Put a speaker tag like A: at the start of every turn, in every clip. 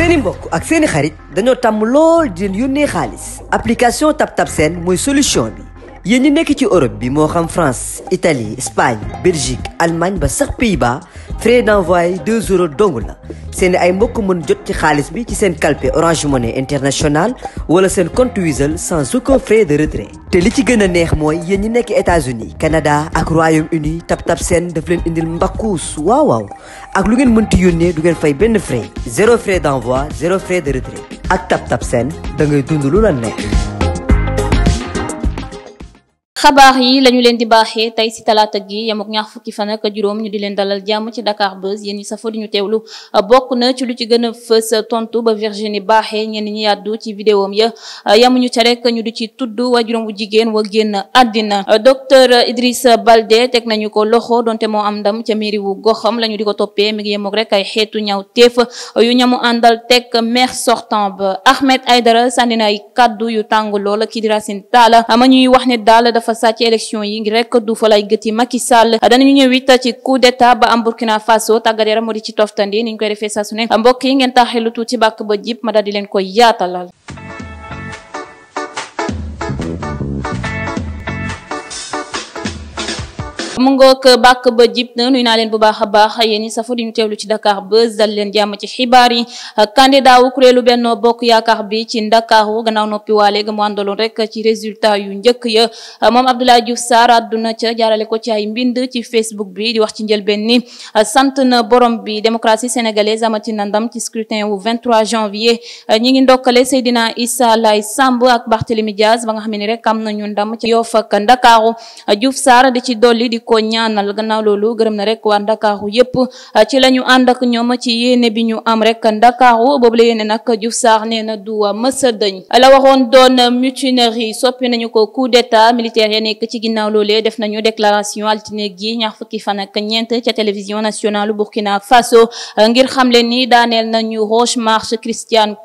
A: seeni mbokk ak seeni xarit dañoo tàmm lool di leen yónnee xaalis application Tab Tab Send mooy solution bi yéen ñi nekk ci Europe bi moo xam France Italie Espagne Belgique Allemagne ba sax Pays-Bas frais d'envoi 2 euros dong la seen ay mbokk mën jot ci xaalis bi ci seen calpe Orange Money International wala seen compte Wizall sans aucun frais de retrait. te li ci gën a neex mooy yéen ñi nekk États-Unis Canada ak Royaume-Uni tap tap seen daf leen indil mbakkuus waaw waaw ak lu ngeen mënti yónnee du ngeen fay benn frais zéro frais d'envoi zéro frais de retrait ak tap da ngay dund lu la neex. xabaar yi lañu leen di baaxee tey si talaata gi yem ak ñaar fukki fan ak juróom ñu di leen dalal jàmm ci Dakar Buzz yéen ñi safoo di ñu teewlu bokk na ci lu ci gën a fës tontu ba Virginie baaxee ñenn ñi yàddu ci vidéom ya yamuñu ca rek ñu di ci tudd waajuram wu jigéen wa génn àddina docteur Idriss Baldé teg nañu ko loxo donte moo am ndam ca mairie wu goxam la ñu di ko toppee mi ngi rek ay xeetu ñaw tee téef yu ñamu àndal teg maire sortant ba Ahmed ayd sànni na ay kàddu yu tàng loola kii dafa sàcc élection yi ngir rek du falay gëti Macky Sall danañu ñëw ci coup d'état ba am Faso tàggat moo di ci toftandi ni ñu koy defee saa su yi ngeen taxee lu tuuti bàkk ba jib ma daal leen koy yaatalal mu ngoog bàkk ba jib na nuy naa leen bu baax a baax yéen ñi safo di ñu teewlu ci Dakar Buzz dal leen jàmm ci xibaar yi candidat wu kuréelu Benno Bokk Yaakaar bi ci Ndakaaru gannaaw noppi waale ga mu àndaloon rek ci résultat yu njëkk ya moom Abdoulaye Diouf Sarr àdduna ca jaarale ko ci ay mbind ci Facebook bi di wax ci njëlbeen ni sant na borom bi démocratie sénégalaise amati na ndam ci scrutin wu 23 janvier ñi ngi ndokkale Seydina Issa Laye Samb ak Barthélémy Diaz ba nga xam ne rek am nañu ndam ci Yoff ak Ndakaaru Diouf Sarr di ci dolli di ko ñaanal gannaaw loolu gërëm na rek waa ndakaaru yëpp ah, ci la ñu ànd ak ñoom ci yéene bi ñu am rek ndakaaru boobu la yéene nag Diouf Sarr nee na du mësa dëñ la waxoon doon mutinerie soppi nañu ko coup d'état militaire ya nekk ci ginnaaw loolee def nañu déclaration altine gi ñaar fukki fan ak ñeent ca télévision nationale Burkina Faso ngir xamle ni daaneel nañu Roch Marc Christian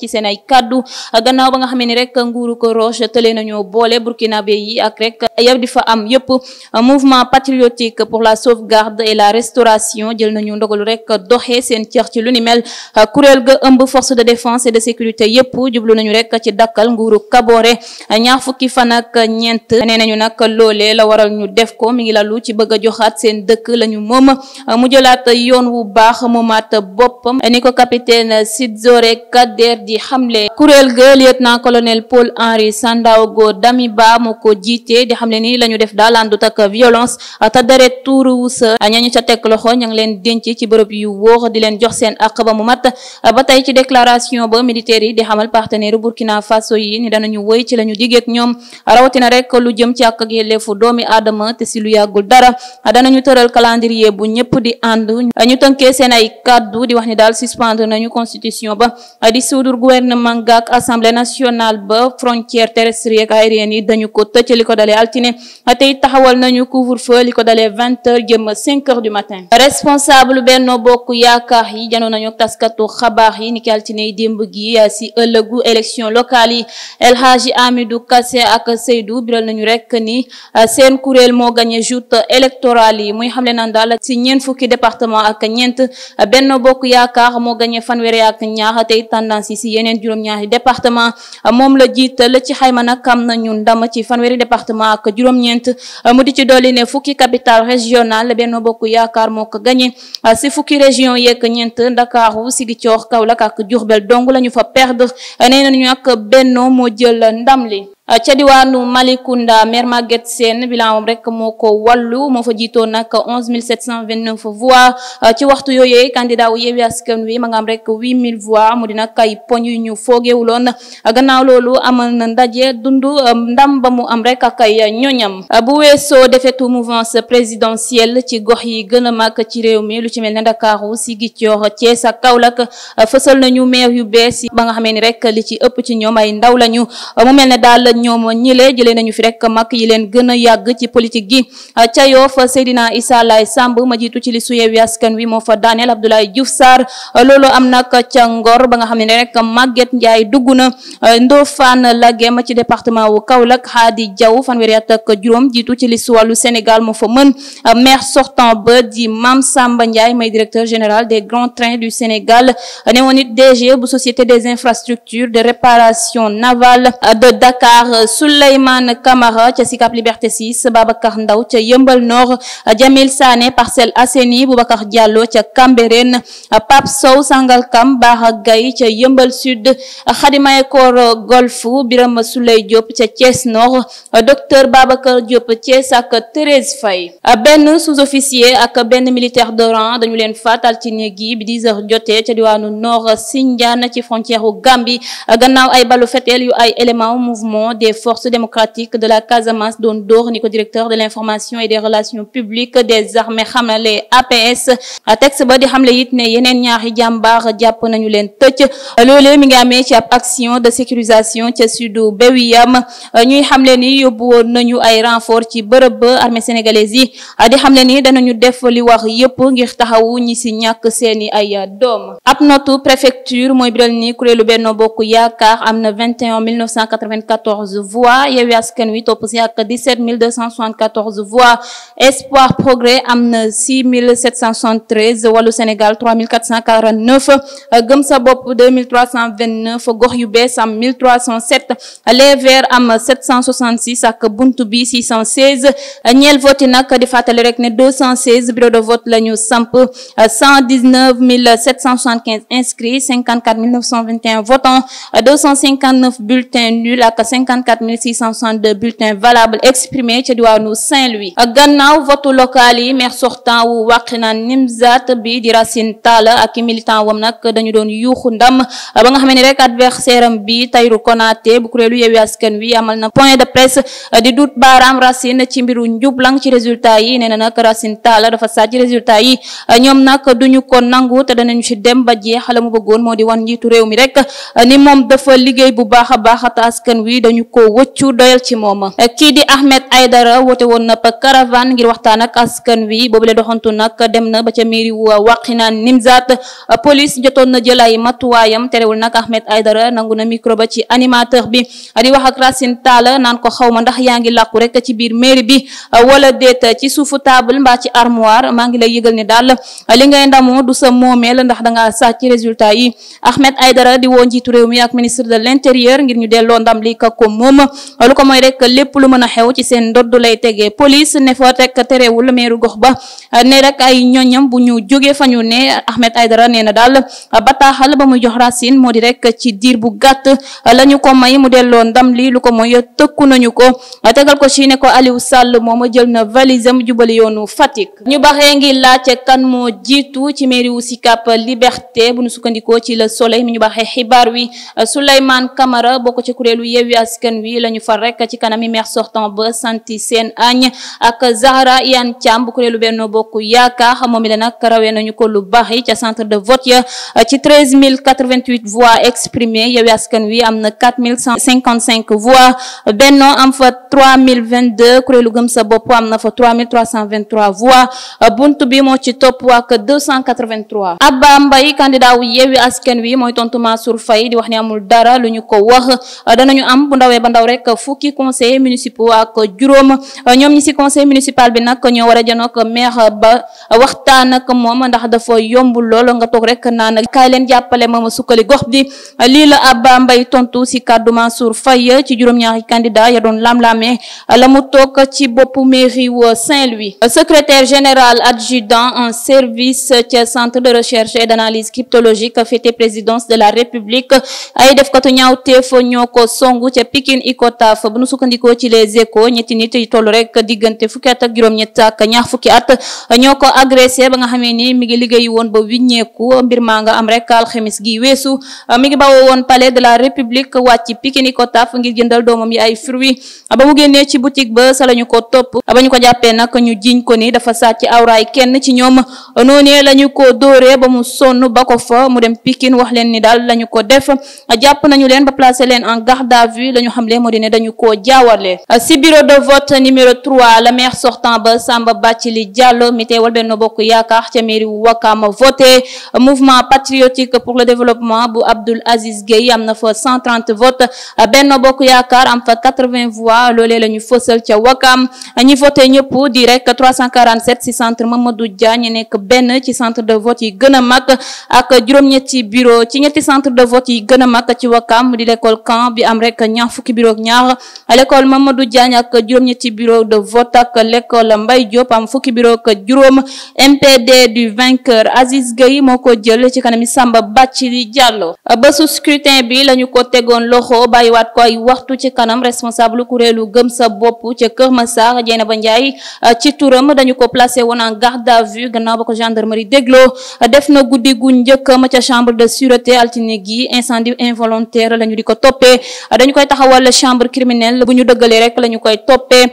A: ci seen ay kaddu gannaaw ba nga xamee ni rek nguuru ko Roch tëlee nañoo boole Burkina be yi ak rek yab di fa mouvement patriotique pour la sauvegarde et la restauration jël nañu ndogalu rek doxee seen cër ci lu ni mel kuréel ga ëmb force de défense et de sécurité yëpp jublu nañu rek ci dakkal nguuru Kaboore ñaar fukki fan ak ñeent nee nañu nag loolee la waral ñu def ko mi ngi lalu ci bëgg a joxaat seen dëkk la ñu moom mu jëlaat yoon wu baax moomaat boppam ni ko capitaine Sidzore Kader di xamle kuréel ga lieutenant colonel Paul Henri Sandaogo Damiba mu ko jiite di xamle violence te deret tuuruwu sa ñañu ca teg loxo ña leen denc ci bërëb yu wóor di leen jox seen àq ba mu mat ba tey ci déclaration ba militaire yi di xamal partenaire Burkina Faso yi ni danañu woy ci la ñu diggeek ñoom rawatina rek lu jëm ci àq ak yelleefu doomi aadama te si lu yàggul dara danañu tëral calendrier bu ñëpp di ànd ñu tënkee seen ay kàddu di wax ni daal suspendre nañu constitution ba di suudur gouvernement ga ak assemblée nationale ba frontière terrestre ak aérienne yi dañu ko tëj ko dalee altine couvre-feu li ko dalee vingt heures jëm cinq heures du matin responsable Benno Bokk Yaakaar yi janoo nañu taskatu xabaar yi ni ki altine yi démb gi eh, si ëllëgu élection locale yi El Hadji Amidou Kassé ak Seydou biral nañu rek ni eh, seen kuréel moo gagné joute électorale yi muy xamle naan daal si ñeent fukki département ak ñeent eh, Benno Bokk Yaakaar moo gagné fanweeri ak ñaar tey tendance yi si yeneen juróom ñaax yi département moom la jiital ci xayma nag am nañu ndam ci fanweeri département ak ne fukki capital régional Benno Bokk Yaakaar moo ko gagné ah, si fukki région yeeg ñeent Ndakaaru Ziguinchor Kaolack ak Diourbel dong la ñu fa perdre ah, nee nañu ak Benno moo jël ndam li Euh, ca diwaanu Malicounda maire Maguette Sène bilan moom rek moo ko wàllu moo fa jiitoo nag 11 729 voix euh, ci waxtu yooyee candidat wu Yewwi Askan Wi ma nga am rek 8000 voix mu di nag ay poñ yu ñu foogewuloon euh, gannaaw loolu amal na ndaje dund ndam ba mu am rek ak ay ñoñam bu weesoo defetu mouvance présidentielle ci gox yi gën a mag ci réew mii lu ci mel ne Ndakaaru Ziguinchor Thiès ak Kaolack fësal nañu maire yu bees yi ba nga xamee ni rek li ci ëpp ci ñoom ay ndaw lañu ñoom ñile jëlee nañu fi rek mag yi leen gën a yàgg ci politique gi ca Yoff Seydina Issa Laye Samb ma jiitu ci li su Askan Wi moo fa daaneel Abdoulaye Diouf Sarr loolu am nag ca Ngor ba nga xam ne rek magget Ndiaye dugg na Ndofane Lagem ci département wu Kaolack di Diaw fanweeri at ak juróom jiitu ci li su wàllu Sénégal moo fa mën maire sortant ba di Mame Samba Ndiaye may directeur général des grands trains du Sénégal ne woon it Sarr Souleymane Camara ca Sicap Liberté 6 Babacar Ndaw ca Yeumbeul Nord Jamil Sané Parcelles Assainies Boubacar Diallo ca Cambérène Pape Sow Sangalkam Bara Gaye ca yëmbal Sud Khadima Ekor Golf Birame Souleye Diop ca Thiès Nord docteur Babacar Diop Thiès ak Thérèse Faye benn sous-officier ak benn militaire de rang dañu leen faat altine gi bi 10 heures ca diwaanu Nord Sindiane ci frontière u gannaaw ay balu feteel yu ay élément mouvement des forces démocratiques de la Casamance doon dóor ni ko directeur de l'information et des relations publiques des armées xamale APS texte ba di xamle it ne yeneen ñaari jàmbaar jàpp nañu leen tëj loolee mi ngi amee ci ab action de sécurisation ca sudu Bewiyam ñuy xamle ni yóbbu woon nañu ay renfort ci bërëb ba armée yi di xamle ni danañu def li wax yépp ngir taxawu ñi si ñàkk seeni ay doom ab notu préfecture mooy biral ni kuréelu Benno Bokk Yaakaar na 274 voix Yewwi Askan Wi topp si ak 17 274 voix Espoir Progrès am na 6 773 Wallu Sénégal 3 449 Gëm sa bopp 2 329 Gox yu bees am 1307 Les Verts am 766 ak Buntu bi 616 ñeel vote yi nag di fàttali rek ne 216 bureau de vote la ñu samp 119 775 inscrits 54 921 votants 259 bulletins nuls ak 164 662 bulletins valables exprimés ca diwaanu Saint-Louis gannaaw vote local yi maire sortant wu Wakhinane Nimzatt bi di Racine Talla ak militant wam nag dañu doon yuuxu ndam ba nga xam ne rek adversaire am bi Tahirou Konaté bu kuréelu Yewwi Askan Wi amal na point de presse di du baaraam Racine ci mbiru njublang ci résultat yi nee na nag Racine Talla dafa sàcc résultat yi ñoom nag duñu ko nangu te danañu ci dem ba jeex la mu bëggoon moo di wan njiitu réew mi dañu ko wëccu doyal ci mooma kii di Ahmed Aidara woote woon na caravane ngir waxtaan ak askan wi boobu la doxantu nag dem na ba ca mairie wu Wakhinane Nimzatt police jotoon na jël ay matuwaayam terewul nag Ahmed Aidara nangu na micro ba ci animateur bi a di wax ak Racine Talla naan ko xaw ma ndax yaa ngi làqu rek ci biir mairie bi wala déet ci suufu table mbaa ci armoire maa ngi lay yëgal ne daal li ngay ndamu du sa moomeel ndax dangaa sàcc ci résultat yi Ahmed Aidara di woo ko moom lu ko mooy rek lépp lu mën a xew ci seen ndodd lay tegee police ne fa rek terewul meeru gox ba ne rek ay ñoñam bu ñu jógee fa ne Ahmed Aidara nee daal bataaxal ba muy jox Racine moo di rek ci diir bu gàtt la ñu ko may mu delloo ndam li lu ko mooy tëkku nañu ko tegal ko ci ne ko Aliou Sall moom a jël na valisam jubali yoonu Fatick ñu baxee ngi laajte kan moo jiitu ci mairie wu Sicap Liberté bu ñu sukkandikoo ci la Soleil mi ñu baxee askan wi la ñu far rek ci kanami maire sortant ba santi seen añ ak Zahra Iyane Thiam bu kuréelu Benno Bokk Yaakaar moom i la nag rawee nañu ko lu baax yi ca de vote ya ci 13088 voix exprimées Yewwi Askan Wi am na 4155 voix Benno am fa 3022 kuréelu Gëm Sa am na fa 3323 voix bi moo ci topp ak 283 Abba Mbaye candidat wu Yewwi Askan Wi mooy tontu Mansour Faye di wax ne amul dara lu ñu ko wax danañu am ndawee ba ndaw rek fukki conseillers municipaux ak juróom ñoom ñi ci conseil municipal bi nag ñoo war a maire ba waxtaan moom ndax dafa yombul lool nga toog rek naan kaay leen jàppale mooma sukkali gox bi lii la Abba Mbaye tontu ci kàddu Mansour Faye ci juróom-ñaari candidat ya doon lam-lamee la mu toog ci boppu mairie wu Saint-Louis secrétaire général adjudant en service ca centre de recherche et d'analyse cryptologique féete présidence de la République ay defkatu ñaawteef Pikine Icotaf bu nu sukkandikoo ci les échos ñetti nit yi toll a diggante fukki at juróom-ñett ak ñaar fukki at ñoo ko agressé ba nga xamee ni mi ngi liggéey woon ba wiññeeku mbir maa nga am rek alxemis gi weesu mi ngi bawoo woon palais de la république wàcc Pikine Icotaf ngir jëndal doomam yi ay fruits ba mu génnee ci boutique ba sa lañu ko topp ba ñu ko jàppee nag ñu jiñ ko ni dafa sàcc awraay kenn ci ñoom noonee lañu ko dóoree ba mu sonn ba ko fa mu dem Pikine wax leen ni daal lañu ko def ñu xamle moo di ne dañu koo jaawale si bureau de vote numéro 3 le maire sortant ba Samba Bathily Diallo mi teewal Benno Bokk Yaakaar ca mairie Wakam voté mouvement patriotique pour le développement bu Abdoul Aziz Gueye am na fa 130 votes Benno Bokk Yaakaar am fa 80 voix loolee la ca Wakam ñi voté ñëpp di rek 347 si centre Mamadou Dia ñu nekk benn ci centre de vote yi gën a mag ak juróom-ñetti bureau ci ñetti centre de vote yi gën a ci Wakam di l'école fukki bureau ak ma l'école Mamadou Diagne ak juróom-ñetti bureau de vote ak l'école mbay Diop am fukki bureau ak juróom MPD du vainqueur Aziz Gueye moo ko jël ci kanami Samba Bathily Diallo bésu scrutin bi lañu ko tegoon loxo bàyyiwaat ko ay waxtu ci kanam responsable kuréelu gëm sa bopp ca Kër Massar ba Ndiaye ci turam dañu ko placé woon en garde à vue gannaaw ba ko gendarmerie dégloo def na guddi gu njëkkam ca chambre de sûreté altine yi incendie involontaire lañu di wala chambre criminelle bu ñu dëggalee rek la ñu koy toppee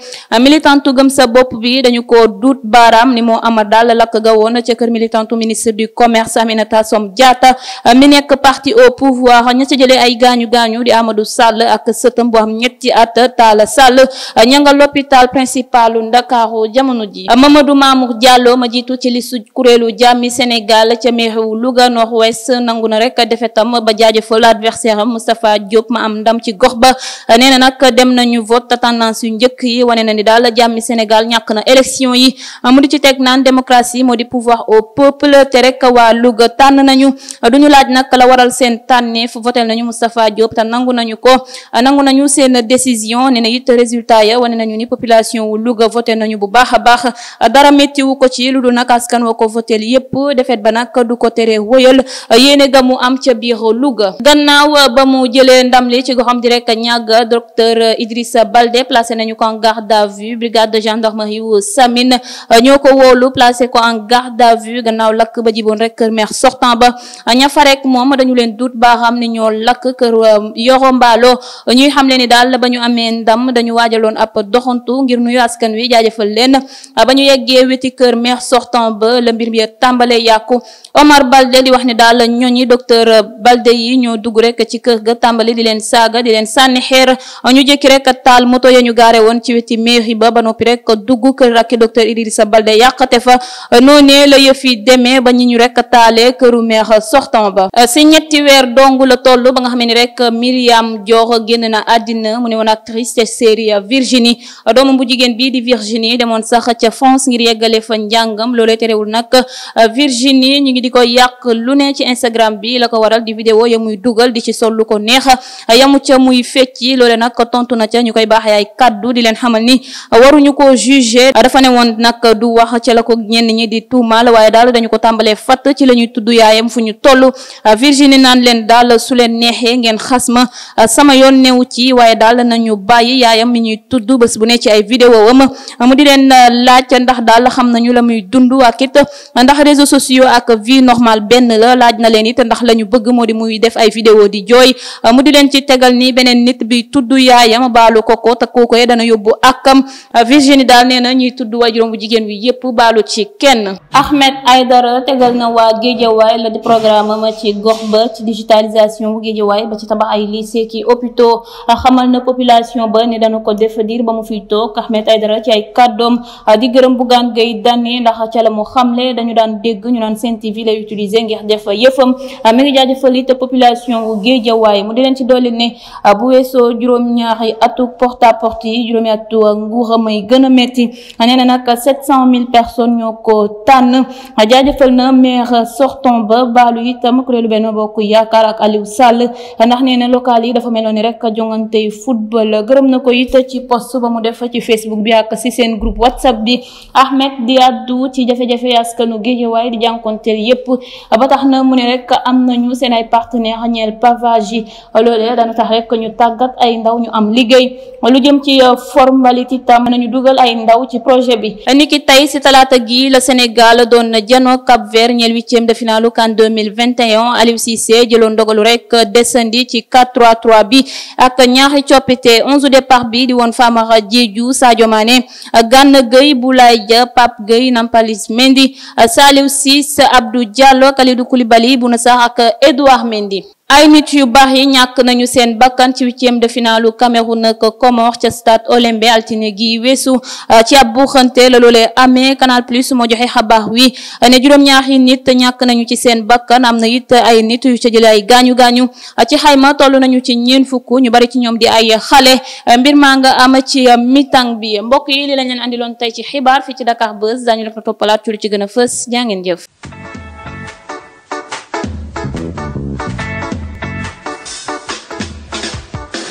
A: militantu gëm sa bopp bi dañu ko duut baaraam ni moo ama daal lakk ga woon ca kër militantu ministre du commerce Aminata Assome Diatta mi nekk parti au pouvoir di Amadou Sall ak sëtam bu am ñetti at Talla Sall ña nga principalu Ndakaaru jamono ji Mamadou Mamour Diallo ma jiitu ci listu kuréelu jàmmi Sénégal ca meerewu Louga Nord Ouest nangu na a defetam ba jaajëfal adversaire am Moustapha ma am ndam ci gox ba Euh, nee na nag dem nañu vote tendance yu njëkk yi wane na ni daal jàmmi Sénégal ñàkk na élection yi euh, mu di ci teg naan démocratie moo di pouvoir au peuple te rek waa Louga tànn nañu euh, du ñu laaj nag la waral seen tànneef votel nañu Moustapha Diop ta nangu nañu ko nangu nañu seen décision nee na it résultat ya wane nañu ni population wu Louga voté nañu bu baax a baax dara métti ko ci lu dul nag kan wo ko votel yépp defet ba nag du ko tere wóyal yéene ga am ca biir Louga ñàgg docteur eh, Idrissa Baldé placé nañu ko en garde à vue brigade de gendarmerie wu Samine eh, ñoo ko woolu placé ko en garde à vue gannaaw lakk ba jiboon rek kër maire sortant ba eh, ña fa rek moom dañu leen duut baaxam ni ñoo lakk kër Yoro ñuy xam ni daal ba ñu amee ndam dañu waajaloon ab doxantu ngir nuyu askan wi jaajëfal leen ba ñu yeggee weti kër maire sortant ba la mbir mi tàmbalee yàqu Omar Baldé di wax ni daal ñooñi docteur Baldé yi ñoo dugg sànni xeer ñu jékki rek taal moto ya ñu gaare woon ci weti mairie ba ba noppi rek dugg kër rakki docteur Idrissa Balde yàqate fa noonee la yëf yi demee ba ñi ñu rek taalee këru maire sortant ba si ñetti weer dong la toll ba nga xam ne rek Myriam Dior génn na àddina mu ne woon actrice série Virginie doomam bu jigéen bii di Virginie demoon sax ca France ngir yeggale fa njàngam loolee terewul nag Virginie ñu ngi di ko yàq lu ne ci Instagram bi la ko waral di vidéo muy dugal di ci sol ko neex wecc yi loole nag tontu na ca ñu koy baax yaay kàddu di leen xamal ni waruñu ko jugé dafa ne woon nag du wax ca la ko ñenn ñi di tuumaal waaye daal dañu ko tàmbalee fatt ci la ñuy tudd yaayam fu ñu toll Virginie naan leen daal su leen neexee ngeen xas ma sama yoon newu ci waaye daal nañu bàyyi yaayam mi ñuy tudd bés bu ne ci ay vidéo wam mu di leen laaj ndax daal xam nañu la muy dund ak it ndax réseaux sociaux ak vie normale benn la laaj na leen it la ñu bëgg moo di muy def ay vidéo di jooy nit bi tudd yaayam baalu ko ko te kooku dana yóbbu akam Virginie daal nee na ñuy tudd waajuram bu jigéen bi yépp baalu ci kenn. Ahmed Aidara tegal na waa Géejawaay la di programme ma ci gox ba ci digitalisation bu Géejawaay ba ci tabax ay lycée ki a xamal na population ba ne dana ko def diir ba mu fiy toog Ahmed Aidara ci ay kàddoom di gërëm Bougane Gueye Dany ndax a la mu xamle dañu daan dégg ñu naan Sen TV lay utiliser ngir def yëfam weesoo juróom-ñaari atu porte à porte yi juróomi atu nguuram ay gën a métti nee na nag sept cent mille personnes ñoo ko tànn jaajëfal na maire sortant ba baalu itam kuréelu benn bokk yaakaar ak Aliou Sall ndax nee na local yi dafa ni rek jongante football gërëm na ko it ci post ba mu def ci Facebook bi ak si seen groupe WhatsApp bi Ahmed di addu ci jafe-jafe askanu Guédiawaye di jànkonteel yépp ba tax na mu ne rek am nañu seen ay partenaires ñeel pavage yi loolee dana tax rek ñu tàgg tàggat ay ndaw ñu am liggéey lu jëm ci euh, formalité tam nañu dugal ay ndaw ci projet bi niki tey si talaata gi la Sénégal doon jano Cap Vert ñeel huitième de finale CAN 2021 Aliou Cissé jëloon ndogalu rek descendi ci 4-3-3 bi ak ñaari coppite onze départ bi di woon Famara Diédhiou Sadio Mané Gana Gueye Boulaye Dia Pape Gueye Nampalys Mendy Saliou Ciss Abdou Diallo Kalidou Koulibaly Bouna Sarr ak Edouard Mendy ay nit yu baax yi ñàkk nañu seen bakkan ci huitième de finaalu Cameroun ak Comores ca stade Olembe altine gi weesu ah, ci ab buuxante la loolee amee Canal Plus moo joxe xabaar wi ah, ne juróom-ñaari ñaax nit ñàkk nañu ci seen bakkan am na it ay nit yu ca jële ay gaañu gaañu ah, ci xayma toll nañu ci ñeen fukk ñu bari ci ñoom di ay xale mbir maa nga am ci mitang bi mbokk yi li lañ leen andiloon tey ci xibaar fi ci Dakar Buzz daañu la ko toppalaat ci lu ci gën a fës jaa ngeen jëf.